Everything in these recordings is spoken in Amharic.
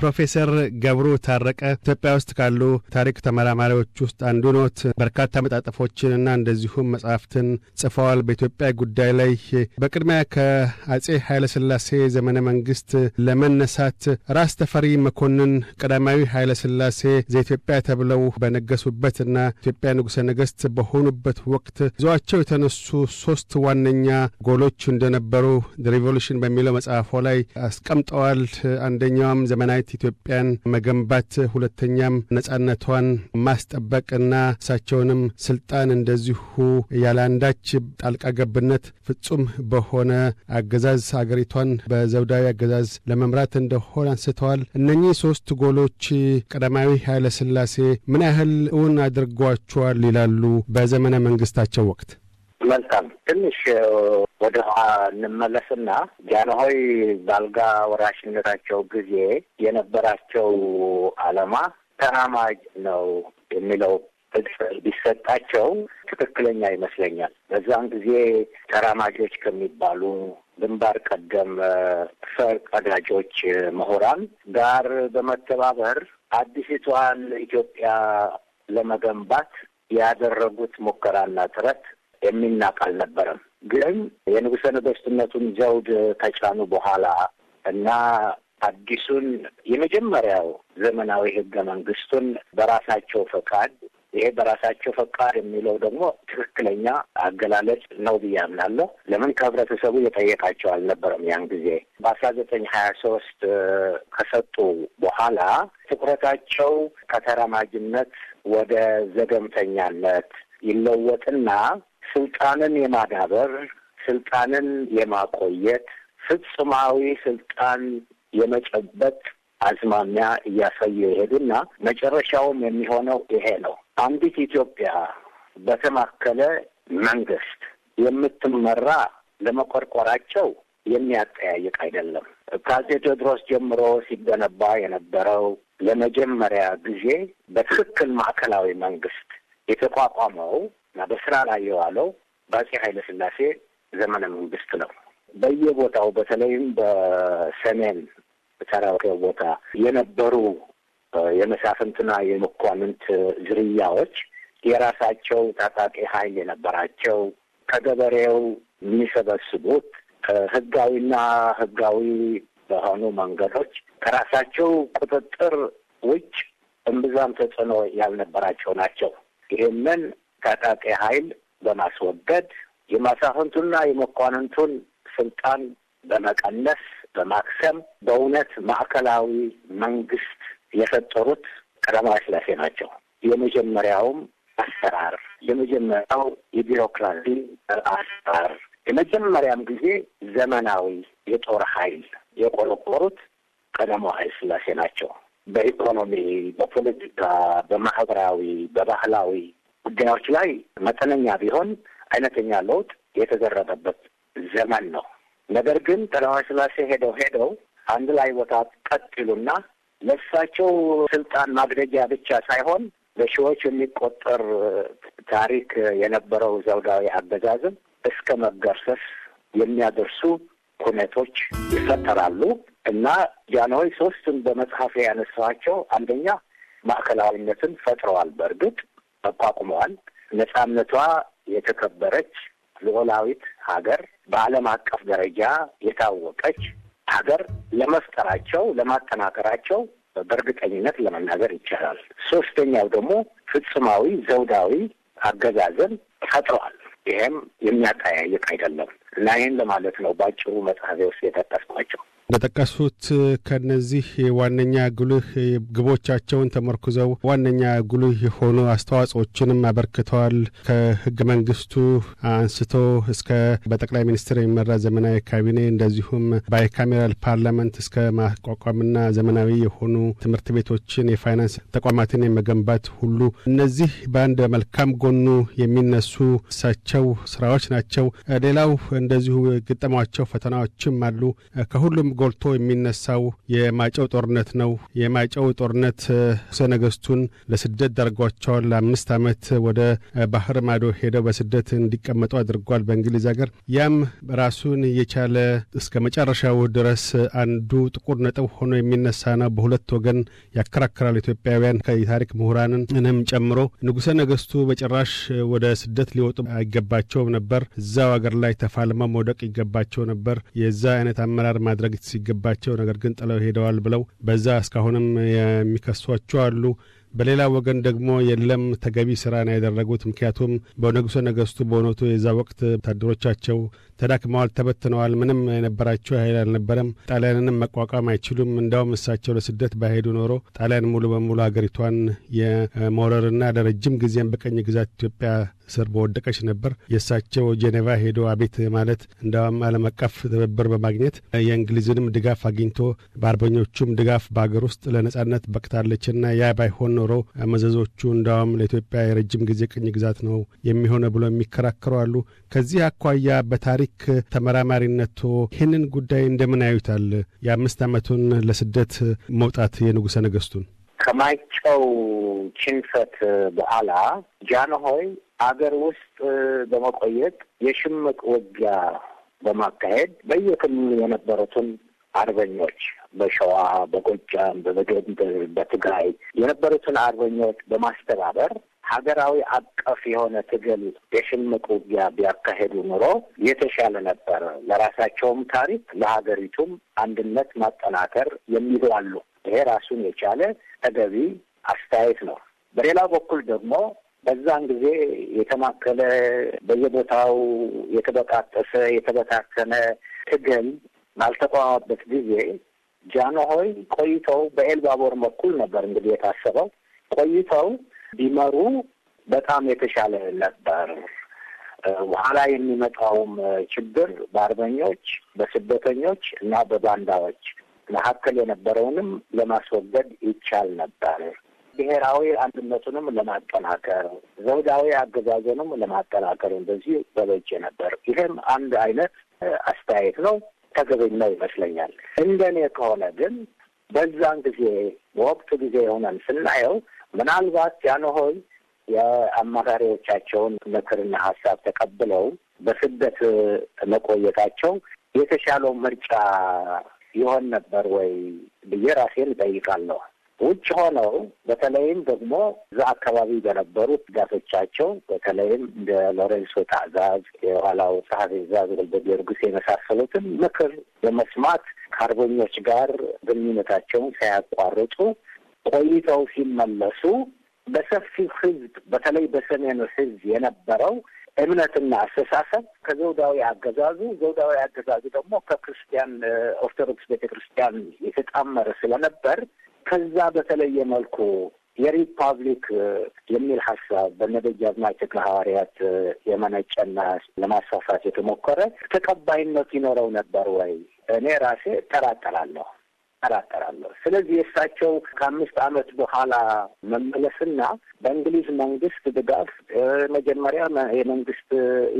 ፕሮፌሰር ገብሩ ታረቀ ኢትዮጵያ ውስጥ ካሉ ታሪክ ተመራማሪዎች ውስጥ አንዱ ኖት። በርካታ መጣጥፎችንና እንደዚሁም መጽሐፍትን ጽፈዋል በኢትዮጵያ ጉዳይ ላይ። በቅድሚያ ከአጼ ኃይለሥላሴ ዘመነ መንግስት ለመነሳት ራስ ተፈሪ መኮንን ቀዳማዊ ኃይለሥላሴ ዘኢትዮጵያ ተብለው በነገሱበትና ኢትዮጵያ ንጉሠ ነገሥት በሆኑበት ወቅት ይዘዋቸው የተነሱ ሶስት ዋነኛ ጎሎች እንደነበሩ ሪቮሉሽን በሚለው መጽሐፎ ላይ አስቀምጠዋል። አንደኛውም ዘመናዊ ሶቪየት ኢትዮጵያን መገንባት፣ ሁለተኛም ነጻነቷን ማስጠበቅና እሳቸውንም ስልጣን እንደዚሁ ያለአንዳች ጣልቃ ገብነት ፍጹም በሆነ አገዛዝ አገሪቷን በዘውዳዊ አገዛዝ ለመምራት እንደሆን አንስተዋል። እነኚህ ሶስት ጎሎች ቀዳማዊ ኃይለ ሥላሴ ምን ያህል እውን አድርጓቸዋል ይላሉ? በዘመነ መንግስታቸው ወቅት መልካም ትንሽ ወደ ኋ እንመለስና ጃንሆይ በአልጋ ወራሽነታቸው ጊዜ የነበራቸው አላማ ተራማጅ ነው የሚለው ቢሰጣቸው ትክክለኛ ይመስለኛል። በዛን ጊዜ ተራማጆች ከሚባሉ ግንባር ቀደም ቀዳጆች ምሁራን ጋር በመተባበር አዲሲቷን ኢትዮጵያ ለመገንባት ያደረጉት ሙከራና ጥረት የሚናቅ አልነበረም። ግን የንጉሠ ነገሥትነቱን ዘውድ ከጫኑ በኋላ እና አዲሱን የመጀመሪያው ዘመናዊ ህገ መንግስቱን በራሳቸው ፈቃድ ይሄ በራሳቸው ፈቃድ የሚለው ደግሞ ትክክለኛ አገላለጽ ነው ብዬ አምናለሁ። ለምን ከህብረተሰቡ የጠየቃቸው አልነበረም። ያን ጊዜ በአስራ ዘጠኝ ሀያ ሶስት ከሰጡ በኋላ ትኩረታቸው ከተራማጅነት ወደ ዘገምተኛነት ይለወጥና ስልጣንን የማዳበር ስልጣንን የማቆየት ፍጹማዊ ስልጣን የመጨበጥ አዝማሚያ እያሳዩ የሄዱና መጨረሻውም የሚሆነው ይሄ ነው። አንዲት ኢትዮጵያ በተማከለ መንግስት የምትመራ ለመቆርቆራቸው የሚያጠያይቅ አይደለም። ከአፄ ቴዎድሮስ ጀምሮ ሲገነባ የነበረው ለመጀመሪያ ጊዜ በትክክል ማዕከላዊ መንግስት የተቋቋመው እና በስራ ላይ የዋለው በአጼ ኃይለ ስላሴ ዘመነ መንግስት ነው። በየቦታው በተለይም በሰሜን ተራራው ቦታ የነበሩ የመሳፍንትና የመኳንንት ዝርያዎች የራሳቸው ታጣቂ ኃይል የነበራቸው ከገበሬው የሚሰበስቡት ህጋዊና ህጋዊ በሆኑ መንገዶች ከራሳቸው ቁጥጥር ውጭ እምብዛም ተጽዕኖ ያልነበራቸው ናቸው። ይህንን ታጣቂ ኃይል በማስወገድ የመሳፍንቱና የመኳንንቱን ስልጣን በመቀነስ በማክሰም በእውነት ማዕከላዊ መንግስት የፈጠሩት ቀዳማዊ ስላሴ ናቸው። የመጀመሪያውም አሰራር የመጀመሪያው የቢሮክራሲ አሰራር የመጀመሪያም ጊዜ ዘመናዊ የጦር ኃይል የቆረቆሩት ቀዳማዊ ስላሴ ናቸው። በኢኮኖሚ፣ በፖለቲካ፣ በማህበራዊ፣ በባህላዊ ጉዳዮች ላይ መጠነኛ ቢሆን አይነተኛ ለውጥ የተደረገበት ዘመን ነው። ነገር ግን ቀዳማዊ ሥላሴ ሄደው ሄደው አንድ ላይ ቦታ ቀጥ ይሉና ለእሳቸው ስልጣን ማግደጃ ብቻ ሳይሆን በሺዎች የሚቆጠር ታሪክ የነበረው ዘውዳዊ አገዛዝም እስከ መገርሰስ የሚያደርሱ ሁኔቶች ይፈጠራሉ እና ጃንሆይ ሶስቱን በመጽሐፍ ያነሳቸው አንደኛ ማዕከላዊነትን ፈጥረዋል። በእርግጥ ተቋቁመዋል። ነጻነቷ የተከበረች ልዑላዊት ሀገር በዓለም አቀፍ ደረጃ የታወቀች ሀገር ለመፍጠራቸው ለማጠናከራቸው በእርግጠኝነት ለመናገር ይቻላል። ሶስተኛው ደግሞ ፍጹማዊ ዘውዳዊ አገዛዝን ፈጥረዋል። ይሄም የሚያጠያይቅ አይደለም እና ይህን ለማለት ነው በአጭሩ መጽሐፌ ውስጥ የጠቀስኳቸው። እንደጠቀሱት ከነዚህ ዋነኛ ጉልህ ግቦቻቸውን ተመርኩዘው ዋነኛ ጉልህ የሆኑ አስተዋጽኦችንም አበርክተዋል። ከህገ መንግስቱ አንስቶ እስከ በጠቅላይ ሚኒስትር የሚመራ ዘመናዊ ካቢኔ እንደዚሁም ባይካሜራል ፓርላመንት እስከ ማቋቋምና ዘመናዊ የሆኑ ትምህርት ቤቶችን፣ የፋይናንስ ተቋማትን የመገንባት ሁሉ እነዚህ በአንድ መልካም ጎኑ የሚነሱ እሳቸው ስራዎች ናቸው። ሌላው እንደዚሁ ግጠሟቸው ፈተናዎችም አሉ። ከሁሉም ጎልቶ የሚነሳው የማይጨው ጦርነት ነው። የማይጨው ጦርነት ንጉሠ ነገሥቱን ለስደት ዳርጓቸዋል። ለአምስት ዓመት ወደ ባህር ማዶ ሄደው በስደት እንዲቀመጡ አድርጓል በእንግሊዝ ሀገር። ያም ራሱን የቻለ እስከ መጨረሻው ድረስ አንዱ ጥቁር ነጥብ ሆኖ የሚነሳ ነው። በሁለት ወገን ያከራከራል ኢትዮጵያውያን የታሪክ ምሁራንን እንም ጨምሮ ንጉሠ ነገሥቱ በጭራሽ ወደ ስደት ሊወጡ አይገባቸውም ነበር። እዛው ሀገር ላይ ተፋልመው መውደቅ ይገባቸው ነበር። የዛ አይነት አመራር ማድረግ ሲገባቸው ነገር ግን ጥለው ሄደዋል ብለው በዛ እስካሁንም የሚከሷቸው አሉ። በሌላ ወገን ደግሞ የለም ተገቢ ስራ ነው ያደረጉት። ምክንያቱም በንጉሠ ነገሥቱ በእውነቱ የዛ ወቅት ወታደሮቻቸው ተዳክመዋል፣ ተበትነዋል። ምንም የነበራቸው ኃይል አልነበረም። ጣሊያንንም መቋቋም አይችሉም። እንዲያውም እሳቸው ለስደት ባሄዱ ኖሮ ጣሊያን ሙሉ በሙሉ ሀገሪቷን የመውረርና ለረጅም ጊዜም በቀኝ ግዛት ኢትዮጵያ ስር በወደቀች ነበር። የእሳቸው ጄኔቫ ሄዶ አቤት ማለት እንዳውም ዓለም አቀፍ ትብብር በማግኘት የእንግሊዝንም ድጋፍ አግኝቶ በአርበኞቹም ድጋፍ በአገር ውስጥ ለነጻነት በቅታለችና ያ ባይሆን ኖሮ መዘዞቹ እንዳውም ለኢትዮጵያ የረጅም ጊዜ ቅኝ ግዛት ነው የሚሆነ ብሎ የሚከራከሩ አሉ። ከዚህ አኳያ በታሪክ ተመራማሪነቶ ይህንን ጉዳይ እንደምን ያዩታል? የአምስት ዓመቱን ለስደት መውጣት የንጉሠ ነገሥቱን ከማይጨው ችንፈት በኋላ ጃንሆይ አገር ውስጥ በመቆየት የሽምቅ ውጊያ በማካሄድ በየክልሉ የነበሩትን አርበኞች በሸዋ፣ በጎጃም፣ በበጌምድር፣ በትግራይ የነበሩትን አርበኞች በማስተባበር ሀገራዊ አቀፍ የሆነ ትግል የሽምቅ ውጊያ ቢያካሄዱ ኑሮ የተሻለ ነበር፣ ለራሳቸውም ታሪክ ለሀገሪቱም አንድነት ማጠናከር የሚሉ አሉ። ይሄ ራሱን የቻለ ተገቢ አስተያየት ነው። በሌላ በኩል ደግሞ በዛን ጊዜ የተማከለ በየቦታው የተበጣጠሰ የተበታተነ ትግል ባልተቋማበት ጊዜ ጃንሆይ ቆይተው በኤልባቦር በኩል ነበር እንግዲህ የታሰበው ቆይተው ቢመሩ በጣም የተሻለ ነበር። በኋላ የሚመጣውም ችግር በአርበኞች፣ በስደተኞች እና በባንዳዎች መካከል የነበረውንም ለማስወገድ ይቻል ነበር ብሔራዊ አንድነቱንም ለማጠናከር ዘውዳዊ አገዛዘንም ለማጠናከር እንደዚህ በበጀ ነበር። ይህም አንድ አይነት አስተያየት ነው፣ ተገቢኝ ነው ይመስለኛል። እንደኔ ከሆነ ግን በዛን ጊዜ በወቅቱ ጊዜ የሆነን ስናየው ምናልባት ያንሆይ የአማካሪዎቻቸውን ምክርና ሀሳብ ተቀብለው በስደት መቆየታቸው የተሻለው ምርጫ ይሆን ነበር ወይ ብዬ ራሴን እጠይቃለሁ። ውጭ ሆነው በተለይም ደግሞ እዛ አካባቢ በነበሩት ጋቶቻቸው በተለይም እንደ ሎሬንሶ ታዕዛዝ፣ የኋላው ጸሐፌ ትዕዛዝ ወልደ ጊዮርጊስ የመሳሰሉትን ምክር በመስማት ከአርበኞች ጋር ግንኙነታቸውን ሳያቋርጡ ቆይተው ሲመለሱ በሰፊው ሕዝብ በተለይ በሰሜኑ ሕዝብ የነበረው እምነትና አስተሳሰብ ከዘውዳዊ አገዛዙ ዘውዳዊ አገዛዙ ደግሞ ከክርስቲያን ኦርቶዶክስ ቤተ ክርስቲያን የተጣመረ ስለነበር ከዛ በተለየ መልኩ የሪፐብሊክ የሚል ሀሳብ በነደጃዝማች ተክለ ሐዋርያት የመነጨና ለማስፋፋት የተሞከረ ተቀባይነት ይኖረው ነበር ወይ? እኔ ራሴ እጠራጠራለሁ እጠራጠራለሁ። ስለዚህ የእሳቸው ከአምስት ዓመት በኋላ መመለስና በእንግሊዝ መንግስት ድጋፍ መጀመሪያ የመንግስት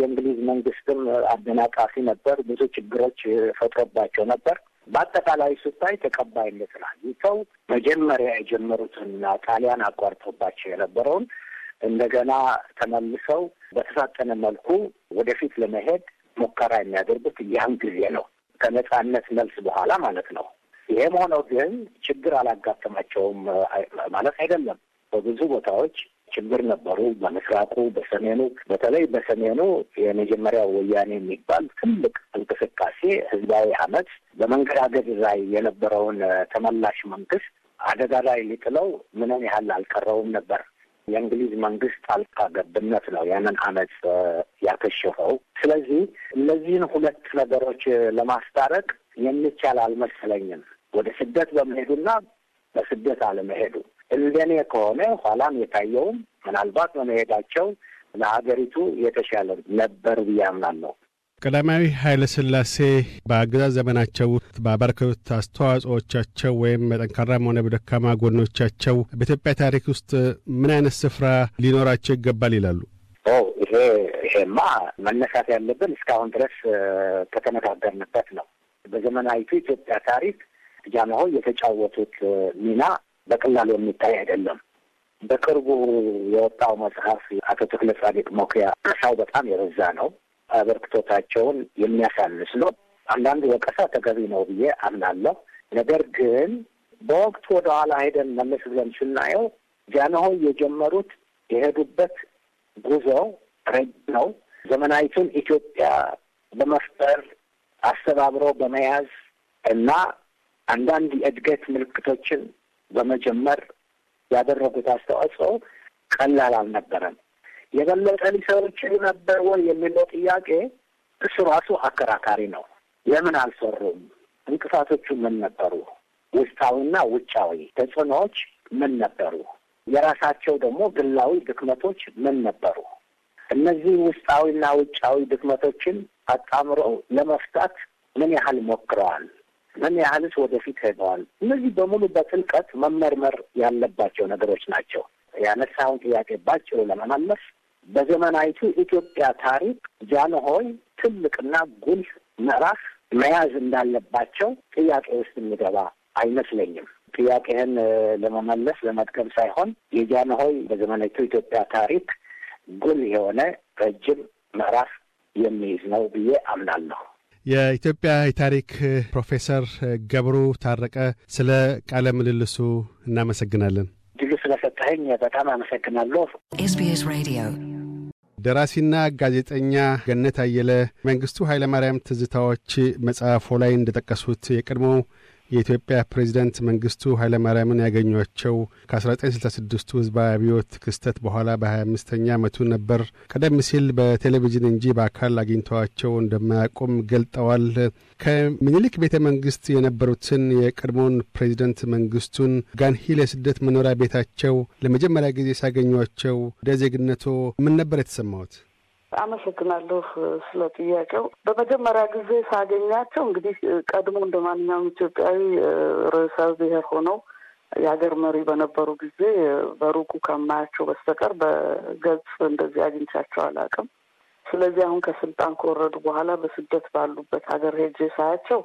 የእንግሊዝ መንግስትም አደናቃፊ ነበር፣ ብዙ ችግሮች ፈጥሮባቸው ነበር። በአጠቃላይ ስታይ ተቀባይነት ላግኝተው መጀመሪያ የጀመሩትንና ጣሊያን አቋርጦባቸው የነበረውን እንደገና ተመልሰው በተሳጠነ መልኩ ወደፊት ለመሄድ ሙከራ የሚያደርጉት ያን ጊዜ ነው፣ ከነጻነት መልስ በኋላ ማለት ነው። ይሄም ሆነው ግን ችግር አላጋጠማቸውም ማለት አይደለም። በብዙ ቦታዎች ችግር ነበሩ። በምስራቁ፣ በሰሜኑ በተለይ በሰሜኑ የመጀመሪያው ወያኔ የሚባል ትልቅ እንቅስቃሴ ህዝባዊ አመት በመንገዳገድ ላይ የነበረውን ተመላሽ መንግስት አደጋ ላይ ሊጥለው ምንም ያህል አልቀረውም ነበር። የእንግሊዝ መንግስት ጣልቃ ገብነት ነው ያንን አመት ያከሸፈው። ስለዚህ እነዚህን ሁለት ነገሮች ለማስታረቅ የሚቻል አልመሰለኝም። ወደ ስደት በመሄዱና በስደት አለመሄዱ እንደኔ ከሆነ ኋላም የታየውም ምናልባት በመሄዳቸው ለሀገሪቱ የተሻለ ነበር ብዬ አምናለሁ። ቀዳማዊ ኃይለ ሥላሴ በአገዛዝ ዘመናቸው ባበረከቱት አስተዋጽኦቻቸው ወይም በጠንካራም ሆነ በደካማ ጎኖቻቸው በኢትዮጵያ ታሪክ ውስጥ ምን አይነት ስፍራ ሊኖራቸው ይገባል ይላሉ? ይሄ ይሄማ መነሳት ያለብን እስካሁን ድረስ ከተነጋገርንበት ነው። በዘመናዊቱ ኢትዮጵያ ታሪክ ጃንሆይ የተጫወቱት ሚና በቀላሉ የሚታይ አይደለም። በቅርቡ የወጣው መጽሐፍ አቶ ተክለ ጻድቅ መኩሪያ እሳው በጣም የበዛ ነው። አበርክቶታቸውን የሚያሳንስ ነው። አንዳንዱ ወቀሳ ተገቢ ነው ብዬ አምናለሁ። ነገር ግን በወቅቱ ወደኋላ ሄደን መለስ ብለን ስናየው ጃንሆይ የጀመሩት የሄዱበት ጉዞ ረጅም ነው። ዘመናዊቱን ኢትዮጵያ በመፍጠር አስተባብሮ በመያዝ እና አንዳንድ የእድገት ምልክቶችን በመጀመር ያደረጉት አስተዋጽኦ ቀላል አልነበረም። የበለጠ ሊሰሩ ነበር ወይ የሚለው ጥያቄ እሱ ራሱ አከራካሪ ነው። ለምን አልሰሩም? እንቅፋቶቹ ምን ነበሩ? ውስጣዊና ውጫዊ ተጽዕኖዎች ምን ነበሩ? የራሳቸው ደግሞ ግላዊ ድክመቶች ምን ነበሩ? እነዚህ ውስጣዊና ውጫዊ ድክመቶችን አጣምረው ለመፍታት ምን ያህል ሞክረዋል? ምን ያህልስ ወደፊት ሄደዋል? እነዚህ በሙሉ በጥልቀት መመርመር ያለባቸው ነገሮች ናቸው። ያነሳውን ጥያቄ ባጭሩ ለመመለስ በዘመናዊቱ ኢትዮጵያ ታሪክ ጃንሆይ ትልቅና ጉልህ ምዕራፍ መያዝ እንዳለባቸው ጥያቄ ውስጥ የሚገባ አይመስለኝም። ጥያቄህን ለመመለስ ለመጥቀም ሳይሆን የጃንሆይ በዘመናዊቱ ኢትዮጵያ ታሪክ ጉልህ የሆነ ረጅም ምዕራፍ የሚይዝ ነው ብዬ አምናለሁ። የኢትዮጵያ የታሪክ ፕሮፌሰር ገብሩ ታረቀ ስለ ቃለ ምልልሱ እናመሰግናለን። ድሉ ስለሰጠኸኝ በጣም አመሰግናለሁ። ኤስቢኤስ ሬዲዮ ደራሲና ጋዜጠኛ ገነት አየለ መንግስቱ ኃይለማርያም ትዝታዎች መጽሐፎ ላይ እንደጠቀሱት የቀድሞው የኢትዮጵያ ፕሬዚደንት መንግስቱ ኃይለማርያምን ያገኟቸው ከ1966ቱ ህዝባዊ አብዮት ክስተት በኋላ በ25ኛ ዓመቱ ነበር። ቀደም ሲል በቴሌቪዥን እንጂ በአካል አግኝተዋቸው እንደማያውቁም ገልጠዋል። ከምኒልክ ቤተ መንግስት የነበሩትን የቀድሞውን ፕሬዚደንት መንግስቱን ጋንሂል የስደት መኖሪያ ቤታቸው ለመጀመሪያ ጊዜ ሲያገኟቸው ወደ ዜግነቶ ምን ነበር የተሰማሁት? አመሰግናለሁ ስለ ጥያቄው። በመጀመሪያ ጊዜ ሳገኛቸው እንግዲህ ቀድሞ እንደ ማንኛውም ኢትዮጵያዊ ርዕሰ ብሔር ሆነው የሀገር መሪ በነበሩ ጊዜ በሩቁ ከማያቸው በስተቀር በገጽ እንደዚህ አግኝቻቸው አላውቅም። ስለዚህ አሁን ከስልጣን ከወረዱ በኋላ በስደት ባሉበት ሀገር ሄጄ ሳያቸው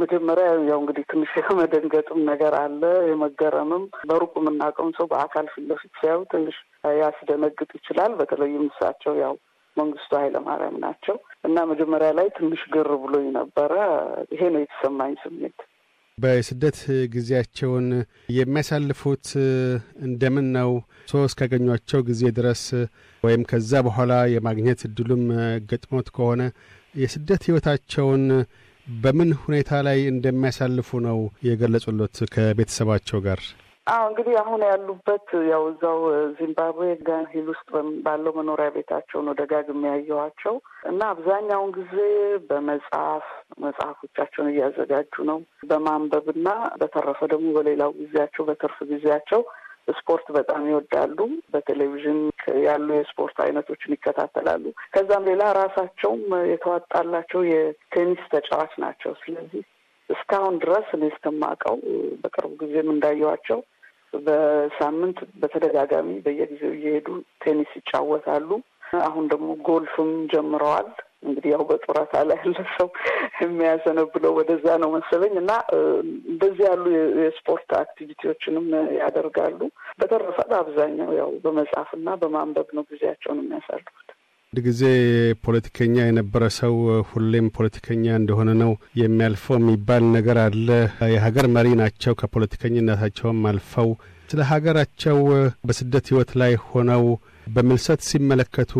መጀመሪያ ያው እንግዲህ ትንሽ የመደንገጥም ነገር አለ፣ የመገረምም በሩቁ የምናውቀውን ሰው በአካል ፊት ለፊት ሲያዩ ትንሽ ያስደነግጥ ይችላል። በተለይም እሳቸው ያው መንግስቱ ኃይለማርያም ናቸው እና መጀመሪያ ላይ ትንሽ ግር ብሎኝ ነበረ። ይሄ ነው የተሰማኝ ስሜት። በስደት ጊዜያቸውን የሚያሳልፉት እንደምን ነው? ሶ እስካገኟቸው ጊዜ ድረስ ወይም ከዛ በኋላ የማግኘት እድሉም ገጥሞት ከሆነ የስደት ህይወታቸውን በምን ሁኔታ ላይ እንደሚያሳልፉ ነው የገለጹሎት ከቤተሰባቸው ጋር? አዎ እንግዲህ አሁን ያሉበት ያው እዛው ዚምባብዌ ጋን ሂል ውስጥ ባለው መኖሪያ ቤታቸው ነው ደጋግሜ ያየኋቸው እና አብዛኛውን ጊዜ በመጽሐፍ መጽሐፎቻቸውን እያዘጋጁ ነው በማንበብ እና በተረፈ ደግሞ በሌላው ጊዜያቸው በትርፍ ጊዜያቸው ስፖርት በጣም ይወዳሉ። በቴሌቪዥን ያሉ የስፖርት አይነቶችን ይከታተላሉ። ከዛም ሌላ ራሳቸውም የተዋጣላቸው የቴኒስ ተጫዋች ናቸው። ስለዚህ እስካሁን ድረስ እኔ እስከማውቀው በቅርቡ ጊዜም እንዳየኋቸው በሳምንት በተደጋጋሚ በየጊዜው እየሄዱ ቴኒስ ይጫወታሉ። አሁን ደግሞ ጎልፍም ጀምረዋል። እንግዲህ ያው በጡረታ ላይ ያለ ሰው የሚያዘነብለው ወደዛ ነው መሰለኝ እና እንደዚህ ያሉ የስፖርት አክቲቪቲዎችንም ያደርጋሉ። በተረፈ በአብዛኛው ያው በመጽሐፍና በማንበብ ነው ጊዜያቸውን የሚያሳልፉት። አንድ ጊዜ ፖለቲከኛ የነበረ ሰው ሁሌም ፖለቲከኛ እንደሆነ ነው የሚያልፈው የሚባል ነገር አለ። የሀገር መሪ ናቸው። ከፖለቲከኝነታቸውም አልፈው ስለ ሀገራቸው በስደት ህይወት ላይ ሆነው በምልሰት ሲመለከቱ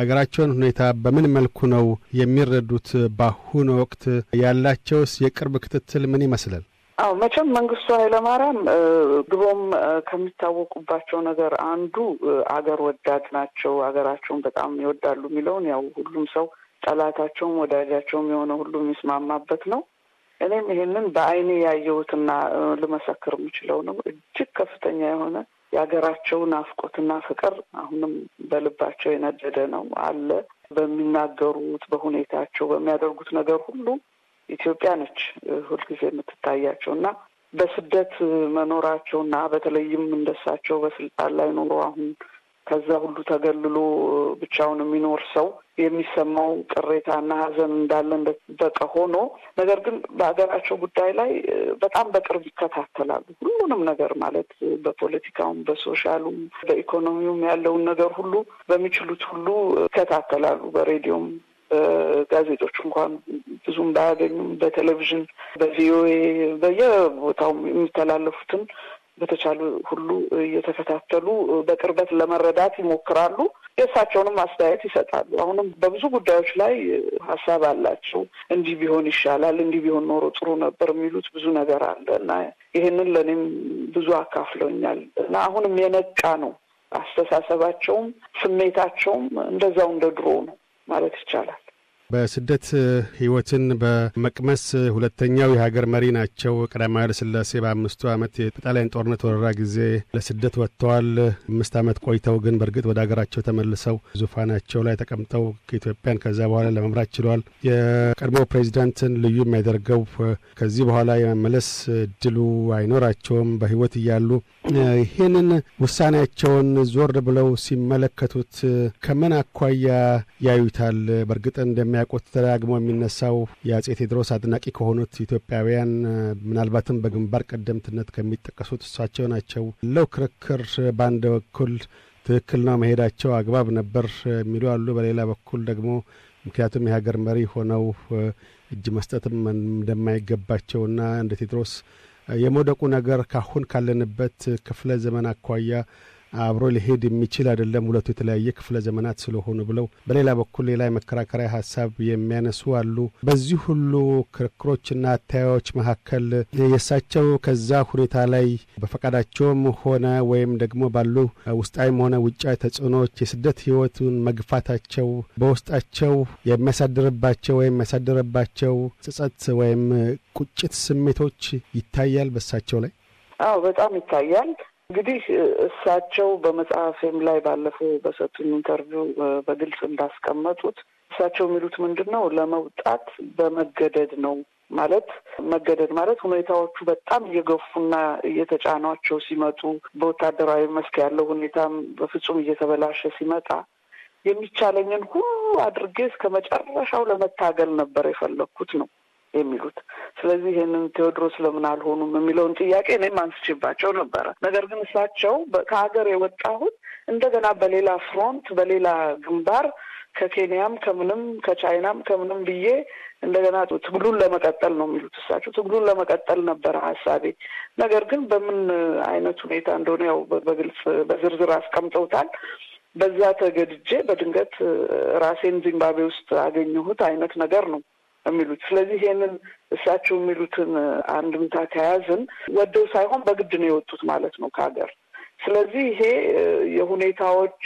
አገራቸውን ሁኔታ በምን መልኩ ነው የሚረዱት? በአሁኑ ወቅት ያላቸውስ የቅርብ ክትትል ምን ይመስላል? አዎ መቼም መንግስቱ ኃይለማርያም ድሮም ከሚታወቁባቸው ነገር አንዱ አገር ወዳድ ናቸው፣ አገራቸውን በጣም ይወዳሉ የሚለውን ያው ሁሉም ሰው ጠላታቸውም ወዳጃቸውም የሆነ ሁሉም የሚስማማበት ነው። እኔም ይሄንን በአይኔ ያየሁትና ልመሰክር የምችለው ነው። እጅግ ከፍተኛ የሆነ የሀገራቸውን ናፍቆትና ፍቅር አሁንም በልባቸው የነደደ ነው አለ። በሚናገሩት፣ በሁኔታቸው፣ በሚያደርጉት ነገር ሁሉ ኢትዮጵያ ነች ሁልጊዜ የምትታያቸው እና በስደት መኖራቸው እና በተለይም እንደሳቸው በስልጣን ላይ ኑሮ አሁን ከዛ ሁሉ ተገልሎ ብቻውን የሚኖር ሰው የሚሰማው ቅሬታና ሐዘን እንዳለ እንደተጠበቀ ሆኖ ነገር ግን በሀገራቸው ጉዳይ ላይ በጣም በቅርብ ይከታተላሉ። ሁሉንም ነገር ማለት በፖለቲካውም፣ በሶሻሉም፣ በኢኮኖሚውም ያለውን ነገር ሁሉ በሚችሉት ሁሉ ይከታተላሉ። በሬዲዮም፣ በጋዜጦች እንኳን ብዙም ባያገኙም በቴሌቪዥን በቪኦኤ በየቦታው የሚተላለፉትን በተቻለ ሁሉ እየተከታተሉ በቅርበት ለመረዳት ይሞክራሉ። የእሳቸውንም አስተያየት ይሰጣሉ። አሁንም በብዙ ጉዳዮች ላይ ሀሳብ አላቸው። እንዲህ ቢሆን ይሻላል፣ እንዲህ ቢሆን ኖሮ ጥሩ ነበር የሚሉት ብዙ ነገር አለ እና ይህንን ለእኔም ብዙ አካፍለኛል እና አሁንም የነቃ ነው አስተሳሰባቸውም ስሜታቸውም እንደዛው እንደ ድሮ ነው ማለት ይቻላል። በስደት ህይወትን በመቅመስ ሁለተኛው የሀገር መሪ ናቸው። ቀዳማዊ ስላሴ በአምስቱ ዓመት የጣሊያን ጦርነት ወረራ ጊዜ ለስደት ወጥተዋል። አምስት ዓመት ቆይተው ግን በእርግጥ ወደ ሀገራቸው ተመልሰው ዙፋናቸው ላይ ተቀምጠው ከኢትዮጵያን ከዛ በኋላ ለመምራት ችለዋል። የቀድሞ ፕሬዚዳንትን ልዩ የሚያደርገው ከዚህ በኋላ የመመለስ እድሉ አይኖራቸውም በህይወት እያሉ ይህንን ውሳኔያቸውን ዞር ብለው ሲመለከቱት ከምን አኳያ ያዩታል? በእርግጥ እንደሚያ እንደምናውቁት ተደጋግሞ የሚነሳው የአጼ ቴዎድሮስ አድናቂ ከሆኑት ኢትዮጵያውያን ምናልባትም በግንባር ቀደምትነት ከሚጠቀሱት እሳቸው ናቸው። ለው ክርክር በአንድ በኩል ትክክል ነው መሄዳቸው አግባብ ነበር የሚሉ አሉ። በሌላ በኩል ደግሞ ምክንያቱም የሀገር መሪ ሆነው እጅ መስጠትም እንደማይገባቸውና እንደ ቴዎድሮስ የመውደቁ ነገር ካሁን ካለንበት ክፍለ ዘመን አኳያ አብሮ ሊሄድ የሚችል አይደለም፣ ሁለቱ የተለያየ ክፍለ ዘመናት ስለሆኑ ብለው በሌላ በኩል ሌላ የመከራከሪያ ሀሳብ የሚያነሱ አሉ። በዚህ ሁሉ ክርክሮችና አተያዮች መካከል የእሳቸው ከዛ ሁኔታ ላይ በፈቃዳቸውም ሆነ ወይም ደግሞ ባሉ ውስጣዊም ሆነ ውጫዊ ተጽዕኖዎች የስደት ህይወቱን መግፋታቸው በውስጣቸው የሚያሳድርባቸው ወይም የሚያሳድርባቸው ጸጸት ወይም ቁጭት ስሜቶች ይታያል በእሳቸው ላይ። አዎ በጣም ይታያል። እንግዲህ እሳቸው በመጽሐፌም ላይ ባለፈው በሰጡኝ ኢንተርቪው በግልጽ እንዳስቀመጡት እሳቸው የሚሉት ምንድን ነው? ለመውጣት በመገደድ ነው ማለት መገደድ ማለት ሁኔታዎቹ በጣም እየገፉና እየተጫኗቸው ሲመጡ በወታደራዊ መስክ ያለው ሁኔታም በፍጹም እየተበላሸ ሲመጣ የሚቻለኝን ሁሉ አድርጌ እስከ መጨረሻው ለመታገል ነበር የፈለግኩት ነው የሚሉት። ስለዚህ ይህንን ቴዎድሮስ ለምን አልሆኑም የሚለውን ጥያቄ እኔም አንስቼባቸው ነበረ። ነገር ግን እሳቸው ከሀገር የወጣሁት እንደገና በሌላ ፍሮንት በሌላ ግንባር ከኬንያም ከምንም ከቻይናም ከምንም ብዬ እንደገና ትግሉን ለመቀጠል ነው የሚሉት እሳቸው። ትግሉን ለመቀጠል ነበረ ሀሳቤ። ነገር ግን በምን አይነት ሁኔታ እንደሆነ ያው በግልጽ በዝርዝር አስቀምጠውታል። በዛ ተገድጄ በድንገት ራሴን ዚምባብዌ ውስጥ አገኘሁት አይነት ነገር ነው የሚሉት። ስለዚህ ይሄንን እሳቸው የሚሉትን አንድምታ ከያዝን ወደው ሳይሆን በግድ ነው የወጡት ማለት ነው ከሀገር። ስለዚህ ይሄ የሁኔታዎች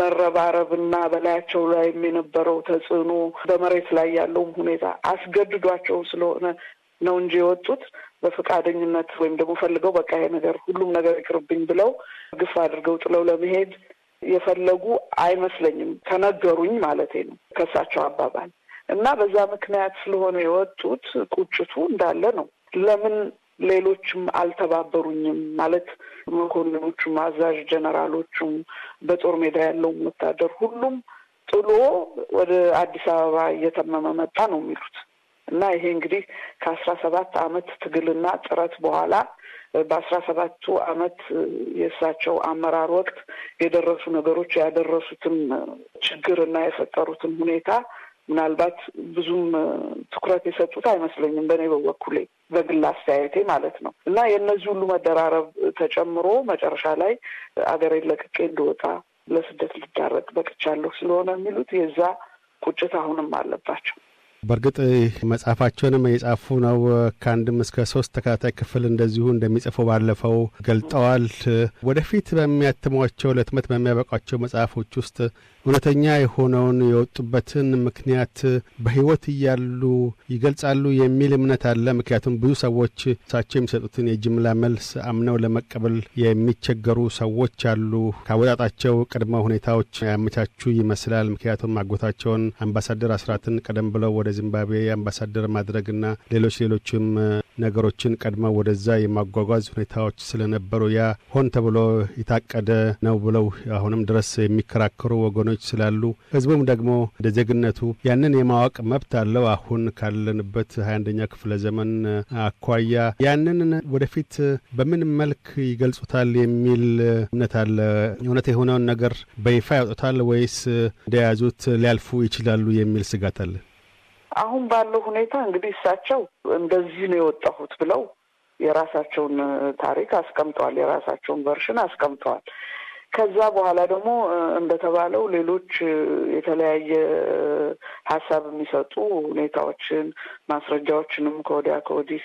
መረባረብና በላያቸው ላይ የነበረው ተጽዕኖ በመሬት ላይ ያለውም ሁኔታ አስገድዷቸው ስለሆነ ነው እንጂ የወጡት በፈቃደኝነት ወይም ደግሞ ፈልገው በቃ ይሄ ነገር ሁሉም ነገር ይቅርብኝ ብለው ግፍ አድርገው ጥለው ለመሄድ የፈለጉ አይመስለኝም፣ ከነገሩኝ ማለት ነው ከእሳቸው አባባል። እና በዛ ምክንያት ስለሆነ የወጡት ቁጭቱ እንዳለ ነው። ለምን ሌሎችም አልተባበሩኝም ማለት መኮንኖቹም፣ አዛዥ ጀነራሎቹም፣ በጦር ሜዳ ያለውም ወታደር ሁሉም ጥሎ ወደ አዲስ አበባ እየተመመ መጣ ነው የሚሉት እና ይሄ እንግዲህ ከአስራ ሰባት አመት ትግልና ጥረት በኋላ በአስራ ሰባቱ አመት የእሳቸው አመራር ወቅት የደረሱ ነገሮች ያደረሱትን ችግር እና የፈጠሩትን ሁኔታ ምናልባት ብዙም ትኩረት የሰጡት አይመስለኝም። በእኔ በበኩሌ በግል አስተያየቴ ማለት ነው እና የእነዚህ ሁሉ መደራረብ ተጨምሮ መጨረሻ ላይ አገሬን ለቅቄ እንድወጣ ለስደት ልዳረግ በቅቻለሁ ስለሆነ የሚሉት የዛ ቁጭት አሁንም አለባቸው። በእርግጥ መጽሐፋቸውንም የጻፉ ነው። ከአንድም እስከ ሶስት ተከታታይ ክፍል እንደዚሁ እንደሚጽፉ ባለፈው ገልጠዋል። ወደፊት በሚያትሟቸው ለትመት በሚያበቋቸው መጽሐፎች ውስጥ እውነተኛ የሆነውን የወጡበትን ምክንያት በሕይወት እያሉ ይገልጻሉ የሚል እምነት አለ። ምክንያቱም ብዙ ሰዎች እሳቸው የሚሰጡትን የጅምላ መልስ አምነው ለመቀበል የሚቸገሩ ሰዎች አሉ። ካወጣጣቸው ቅድመ ሁኔታዎች ያመቻቹ ይመስላል። ምክንያቱም አጎታቸውን አምባሳደር አስራትን ቀደም ብለው ወደ ዚምባብዌ አምባሳደር ማድረግና ሌሎች ሌሎችም ነገሮችን ቀድመው ወደዛ የማጓጓዝ ሁኔታዎች ስለነበሩ ያ ሆን ተብሎ የታቀደ ነው ብለው አሁንም ድረስ የሚከራከሩ ወገኖች ጉዳዮች ስላሉ ህዝቡም ደግሞ እንደ ዜግነቱ ያንን የማወቅ መብት አለው። አሁን ካለንበት ሀያ አንደኛ ክፍለ ዘመን አኳያ ያንን ወደፊት በምን መልክ ይገልጹታል የሚል እምነት አለ። እውነት የሆነውን ነገር በይፋ ያውጡታል ወይስ እንደያዙት ሊያልፉ ይችላሉ የሚል ስጋት አለ። አሁን ባለው ሁኔታ እንግዲህ እሳቸው እንደዚህ ነው የወጣሁት ብለው የራሳቸውን ታሪክ አስቀምጠዋል። የራሳቸውን ቨርሽን አስቀምጠዋል። ከዛ በኋላ ደግሞ እንደተባለው ሌሎች የተለያየ ሀሳብ የሚሰጡ ሁኔታዎችን ማስረጃዎችንም ከወዲያ ከወዲህ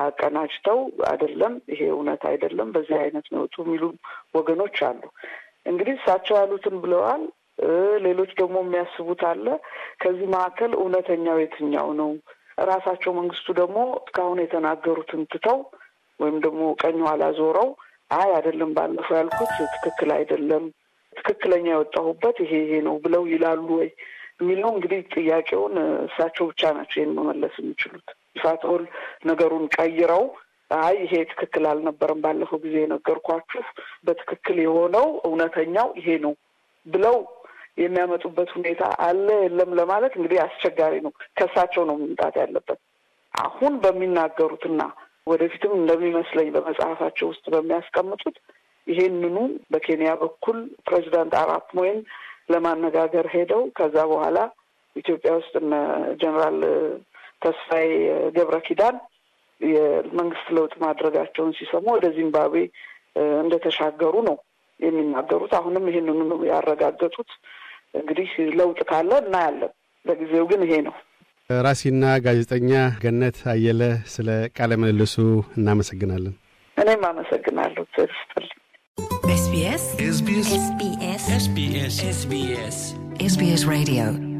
አቀናጅተው አይደለም ይሄ እውነት አይደለም፣ በዚህ አይነት ነውጡ የሚሉ ወገኖች አሉ። እንግዲህ እሳቸው ያሉትን ብለዋል። ሌሎች ደግሞ የሚያስቡት አለ። ከዚህ መካከል እውነተኛው የትኛው ነው? ራሳቸው መንግስቱ ደግሞ እስካሁን የተናገሩትን ትተው ወይም ደግሞ ቀኝ ኋላ ዞረው አይ አይደለም ባለፈው ያልኩት ትክክል አይደለም፣ ትክክለኛ የወጣሁበት ይሄ ይሄ ነው ብለው ይላሉ ወይ የሚለው እንግዲህ ጥያቄውን እሳቸው ብቻ ናቸው ይህን መመለስ የሚችሉት። ሳትሆል ነገሩን ቀይረው አይ ይሄ ትክክል አልነበረም፣ ባለፈው ጊዜ የነገርኳችሁ በትክክል የሆነው እውነተኛው ይሄ ነው ብለው የሚያመጡበት ሁኔታ አለ የለም ለማለት እንግዲህ አስቸጋሪ ነው። ከእሳቸው ነው መምጣት ያለበት። አሁን በሚናገሩትና ወደፊትም እንደሚመስለኝ በመጽሐፋቸው ውስጥ በሚያስቀምጡት ይሄንኑ በኬንያ በኩል ፕሬዚዳንት አራፕ ሞይን ለማነጋገር ሄደው ከዛ በኋላ ኢትዮጵያ ውስጥ እነ ጀኔራል ተስፋዬ ገብረ ኪዳን የመንግስት ለውጥ ማድረጋቸውን ሲሰሙ ወደ ዚምባብዌ እንደተሻገሩ ነው የሚናገሩት። አሁንም ይህንኑ ያረጋገጡት። እንግዲህ ለውጥ ካለ እናያለን። ለጊዜው ግን ይሄ ነው። ራሲና ጋዜጠኛ ገነት አየለ ስለ ቃለ ምልልሱ እናመሰግናለን። እኔም አመሰግናለሁ። እግዜር ኤስቢኤስ ሬዲዮ